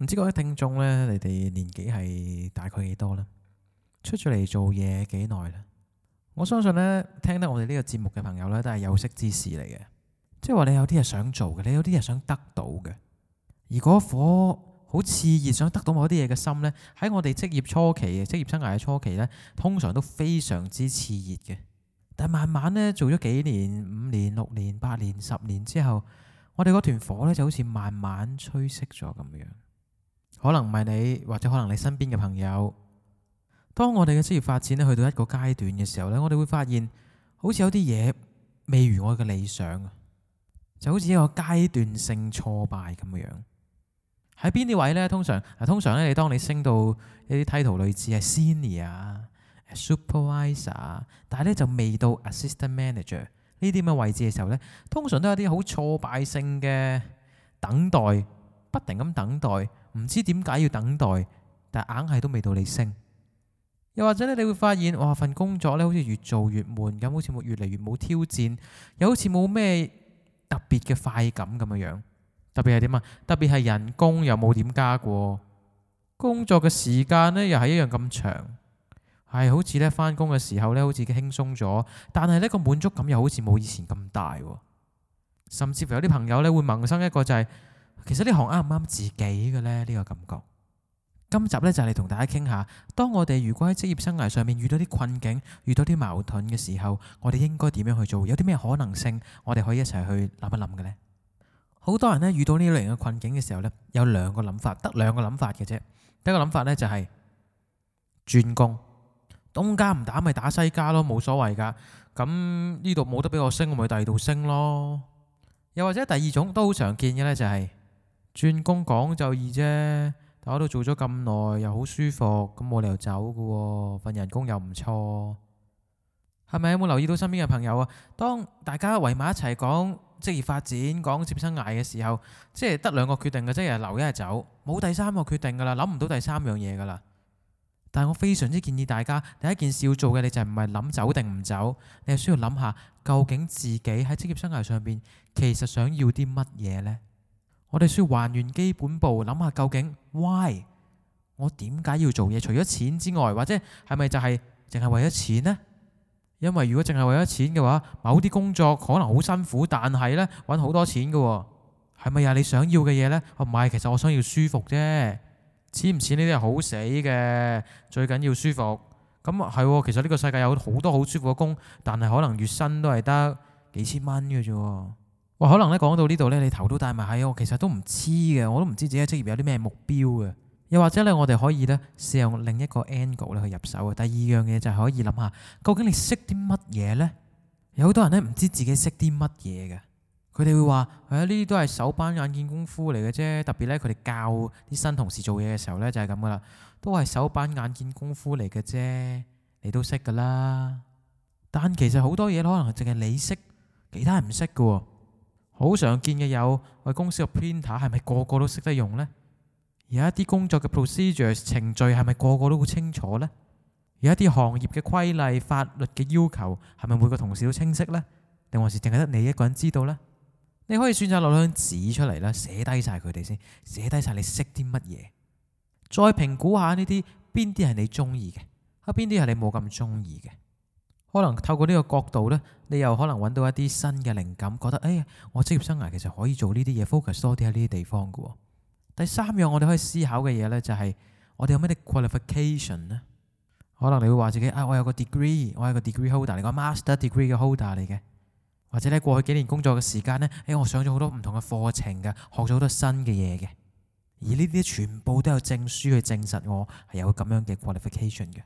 唔知各位聽眾咧，你哋年紀係大概幾多呢？出咗嚟做嘢幾耐呢？我相信咧，聽得我哋呢個節目嘅朋友咧，都係有識之士嚟嘅，即係話你有啲嘢想做嘅，你有啲嘢想得到嘅。而嗰火好熾熱，想得到某啲嘢嘅心呢，喺我哋職業初期、職業生涯嘅初期呢，通常都非常之熾熱嘅。但慢慢呢，做咗幾年、五年、六年、八年、十年之後，我哋嗰團火呢，就好似慢慢吹熄咗咁樣。可能唔係你，或者可能你身邊嘅朋友。當我哋嘅職業發展呢，去到一個階段嘅時候呢，我哋會發現好似有啲嘢未如我嘅理想啊，就好似一個階段性挫敗咁嘅樣。喺邊啲位呢？通常通常呢，你當你升到一啲 title 類似係 senior、supervisor，但係呢就未到 assistant manager 呢啲咁嘅位置嘅時候呢，通常都有一啲好挫敗性嘅等待，不停咁等待。唔知點解要等待，但係硬係都未到你升。又或者咧，你會發現哇份工作咧，好似越做越悶咁，好似冇越嚟越冇挑戰，又好似冇咩特別嘅快感咁嘅樣。特別係點啊？特別係人工又冇點加過，工作嘅時間咧又係一樣咁長。係好似咧返工嘅時候咧，好似輕鬆咗，但係呢個滿足感又好似冇以前咁大。甚至乎有啲朋友咧會萌生一個就係。其實呢行啱唔啱自己嘅呢？呢個感覺。今集呢，就嚟同大家傾下，當我哋如果喺職業生涯上面遇到啲困境，遇到啲矛盾嘅時候，我哋應該點樣去做？有啲咩可能性，我哋可以一齊去諗一諗嘅呢？好多人呢，遇到呢類型嘅困境嘅時候呢，有兩個諗法，得兩個諗法嘅啫。第一個諗法呢，就係轉工，東家唔打咪打西家咯，冇所謂噶。咁呢度冇得俾我升，我咪第二度升咯。又或者第二種都好常見嘅呢，就係。轉工講就易啫，但係我都做咗咁耐，又好舒服，咁冇理由走噶喎，份人工又唔錯，係咪？有冇留意到身邊嘅朋友啊？當大家圍埋一齊講職業發展、講職業生涯嘅時候，即係得兩個決定嘅，即係留一係走，冇第三個決定噶啦，諗唔到第三樣嘢噶啦。但係我非常之建議大家，第一件事要做嘅，你就唔係諗走定唔走，你係需要諗下，究竟自己喺職業生涯上邊，其實想要啲乜嘢呢？我哋需要還原基本步，諗下究竟 why 我點解要做嘢？除咗錢之外，或者係咪就係淨係為咗錢呢？因為如果淨係為咗錢嘅話，某啲工作可能好辛苦，但係呢，揾好多錢嘅喎、哦，係咪呀？你想要嘅嘢呢，我、哦、唔係，其實我想要舒服啫。錢唔錢呢啲係好死嘅，最緊要舒服。咁係喎，其實呢個世界有好多好舒服嘅工，但係可能月薪都係得幾千蚊嘅啫。哦、可能咧，講到呢度咧，你頭都大埋，係啊，我其實都唔黐嘅，我都唔知自己職業有啲咩目標嘅。又或者咧，我哋可以咧，試用另一個 angle 去入手。第二樣嘢就係可以諗下，究竟你識啲乜嘢呢？有好多人咧，唔知自己識啲乜嘢嘅，佢哋會話係啊，呢、哎、啲都係手板眼見功夫嚟嘅啫。特別咧，佢哋教啲新同事做嘢嘅時候咧，就係咁噶啦，都係手板眼見功夫嚟嘅啫。你都識噶啦，但其實好多嘢可能淨係你識，其他人唔識嘅喎、哦。好常見嘅有，我公司個 printer 係咪個個都識得用呢？有一啲工作嘅 procedure 程序係咪個個都好清楚呢？有一啲行業嘅規例、法律嘅要求係咪每個同事都清晰呢？定還是淨係得你一個人知道呢？你可以選擇攞張紙出嚟啦，寫低晒佢哋先，寫低晒你識啲乜嘢，再評估下呢啲邊啲係你中意嘅，嚇邊啲係你冇咁中意嘅。可能透過呢個角度呢，你又可能揾到一啲新嘅靈感，覺得誒、哎，我職業生涯其實可以做呢啲嘢，focus 多啲喺呢啲地方嘅。第三樣我哋可以思考嘅嘢呢，就係、是、我哋有咩啲 qualification 呢？可能你會話自己啊，我有個 degree，我係個 degree holder，你個 master degree 嘅 holder 嚟嘅，或者呢，過去幾年工作嘅時間呢，誒、哎，我上咗好多唔同嘅課程嘅，學咗好多新嘅嘢嘅，而呢啲全部都有證書去證實我係有咁樣嘅 qualification 嘅。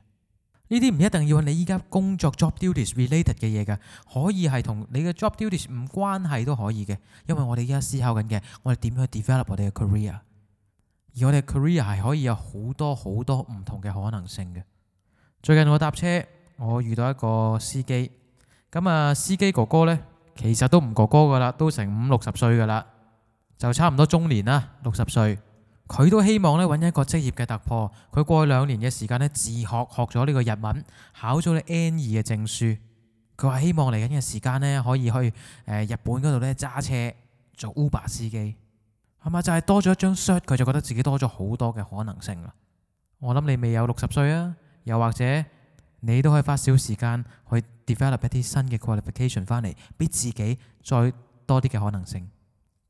呢啲唔一定要你依家工作 job duties related 嘅嘢噶，可以係同你嘅 job duties 唔關係都可以嘅，因為我哋依家思考緊嘅，我哋點樣去 develop 我哋嘅 career，而我哋 career 係可以有好多好多唔同嘅可能性嘅。最近我搭車，我遇到一個司機，咁啊司機哥哥咧，其實都唔哥哥噶啦，都成五六十歲噶啦，就差唔多中年啦，六十歲。佢都希望揾一個職業嘅突破。佢過去兩年嘅時間呢，自學學咗呢個日文，考咗呢 N 二嘅證書。佢話希望嚟緊嘅時間呢，可以去日本嗰度呢，揸車做 Uber 司機係咪？就係、是、多咗一張 s h r t，佢就覺得自己多咗好多嘅可能性啦。我諗你未有六十歲啊，又或者你都可以花少時間去 develop 一啲新嘅 qualification 翻嚟，俾自己再多啲嘅可能性。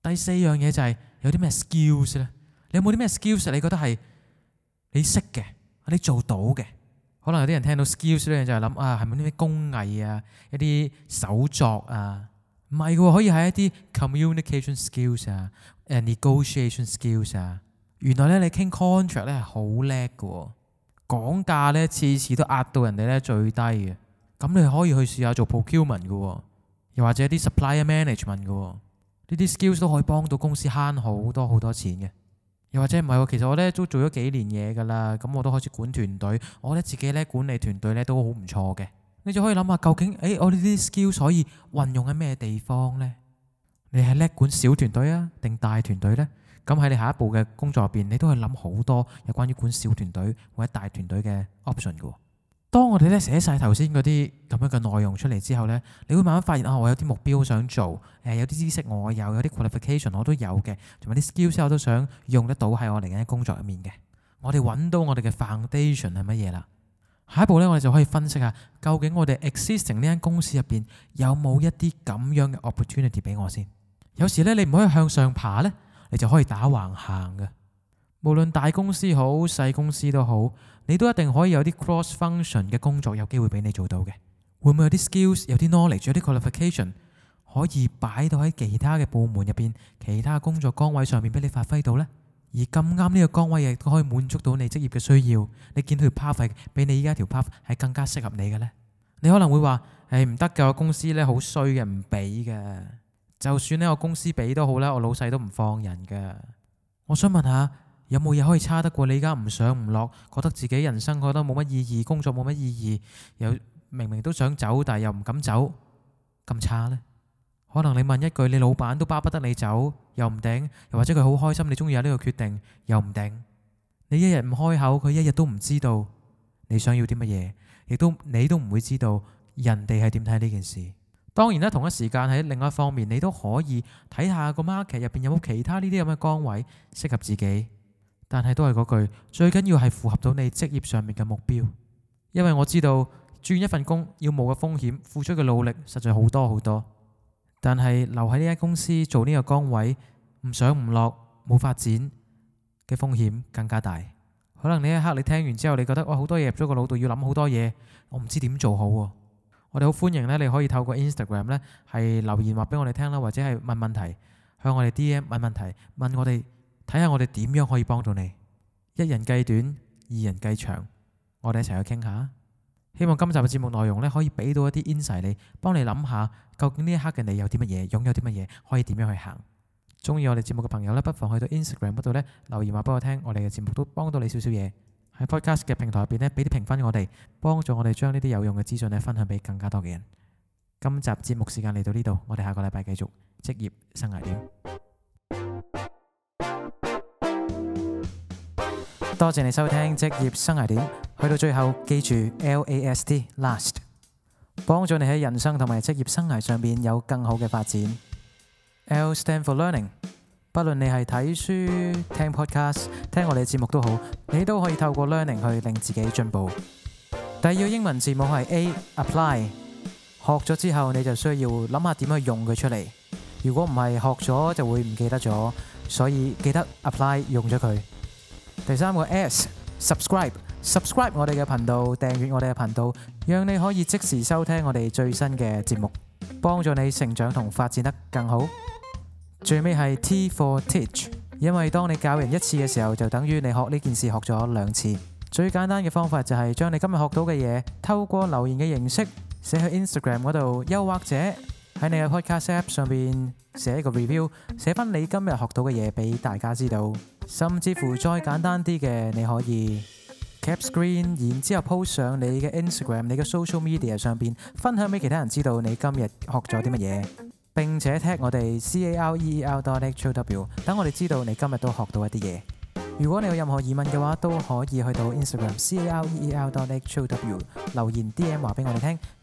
第四樣嘢就係、是、有啲咩 skills 呢？你有冇啲咩 skills？你覺得係你識嘅、你做到嘅？可能有啲人聽到 skills 咧，就係、是、諗啊，係咪啲咩工藝啊、一啲手作啊，唔係嘅，可以係一啲 communication skills 啊，啊、negotiation skills 啊。原來咧，你傾 contract 咧係好叻嘅，講價咧次次都壓到人哋咧最低嘅。咁你可以去試下做 procurement 嘅、哦，又或者啲 supplier management 嘅呢啲 skills 都可以幫到公司慳好很多好多錢嘅。又或者唔係喎，其實我咧都做咗幾年嘢噶啦，咁我都開始管團隊，我覺得自己咧管理團隊咧都好唔錯嘅。你就可以諗下，究竟誒我呢啲 skill 可以運用喺咩地方咧？你係叻管小團隊啊，定大團隊咧？咁喺你下一步嘅工作入邊，你都可以諗好多有關於管小團隊或者大團隊嘅 option 嘅喎。當我哋咧寫晒頭先嗰啲咁樣嘅內容出嚟之後呢，你會慢慢發現啊，我有啲目標想做，誒，有啲知識我有，有啲 qualification 我都有嘅，同埋啲 skills 我都想用得到喺我嚟緊嘅工作入面嘅。我哋揾到我哋嘅 foundation 係乜嘢啦？下一步呢，我哋就可以分析下，究竟我哋 existing 呢間公司入邊有冇一啲咁樣嘅 opportunity 俾我先？有時呢，你唔可以向上爬呢，你就可以打橫行嘅。無論大公司好細公司都好，你都一定可以有啲 cross function 嘅工作，有機會俾你做到嘅。會唔會有啲 skills、有啲 knowledge、有啲 qualification 可以擺到喺其他嘅部門入邊，其他工作崗位上面俾你發揮到呢？而咁啱呢個崗位亦都可以滿足到你職業嘅需要。你見到條 path 係比你依家條 path 係更加適合你嘅呢？你可能會話：誒、欸，唔得噶，我公司咧好衰嘅，唔俾嘅。就算呢我公司俾都好啦，我老細都唔放人噶。我想問下。有冇嘢可以差得過你？而家唔上唔落，覺得自己人生覺得冇乜意義，工作冇乜意義，又明明都想走，但係又唔敢走，咁差呢？可能你問一句，你老闆都巴不得你走，又唔定，又或者佢好開心你中意有呢個決定，又唔定。你一日唔開口，佢一日都唔知道你想要啲乜嘢，亦都你都唔會知道人哋係點睇呢件事。當然啦，同一時間喺另外一方面，你都可以睇下個 market 入邊有冇其他呢啲咁嘅崗位適合自己。但係都係嗰句，最緊要係符合到你職業上面嘅目標。因為我知道轉一份工要冇嘅風險，付出嘅努力實在好多好多。但係留喺呢間公司做呢個崗位，唔上唔落冇發展嘅風險更加大。可能呢一刻你聽完之後，你覺得哇，好多嘢入咗個腦度，要諗好多嘢，我唔知點做好。我哋好歡迎咧，你可以透過 Instagram 呢，係留言話俾我哋聽啦，或者係問問題，向我哋 DM 問問題，問我哋。睇下我哋點樣可以幫到你，一人計短，二人計長，我哋一齊去傾下。希望今集嘅節目內容咧，可以俾到一啲 inspire 你，幫你諗下究竟呢一刻嘅你有啲乜嘢擁有，啲乜嘢可以點樣去行。中意我哋節目嘅朋友咧，不妨去到 Instagram 嗰度咧，留言話俾我聽，我哋嘅節目都幫到你少少嘢喺 Podcast 嘅平台入邊咧，俾啲評分我哋，幫助我哋將呢啲有用嘅資訊咧，分享俾更加多嘅人。今集節目時間嚟到呢度，我哋下個禮拜繼續職業生涯點。多謝你收聽職業生涯點，去到最後記住 L A S T last，幫助你喺人生同埋職業生涯上面有更好嘅發展。L stand for learning，不論你係睇書、聽 podcast、聽我哋嘅節目都好，你都可以透過 learning 去令自己進步。第二個英文字母係 A apply，學咗之後你就需要諗下點去用佢出嚟。如果唔係學咗就會唔記得咗，所以記得 apply 用咗佢。第三個 S，subscribe，subscribe 我哋嘅頻道，訂閱我哋嘅頻道，讓你可以即時收聽我哋最新嘅節目，幫助你成長同發展得更好。最尾係 T for teach，因為當你教人一次嘅時候，就等於你學呢件事學咗兩次。最簡單嘅方法就係將你今日學到嘅嘢，透過留言嘅形式寫去 Instagram 嗰度，又或者，喺你嘅 Podcast App 上邊寫一個 review，寫翻你今日學到嘅嘢俾大家知道。甚至乎再簡單啲嘅，你可以 cap screen，然之後 post 上你嘅 Instagram、你嘅 social media 上邊分享俾其他人知道你今日學咗啲乜嘢，並且 tag 我哋 c a r e e r dot h o w，等我哋知道你今日都學到一啲嘢。如果你有任何疑問嘅話，都可以去到 Instagram c a r e e r dot h o w 留言 DM 話俾我哋聽。